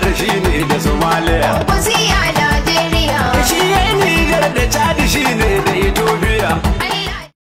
Chad shi ne da Somalia.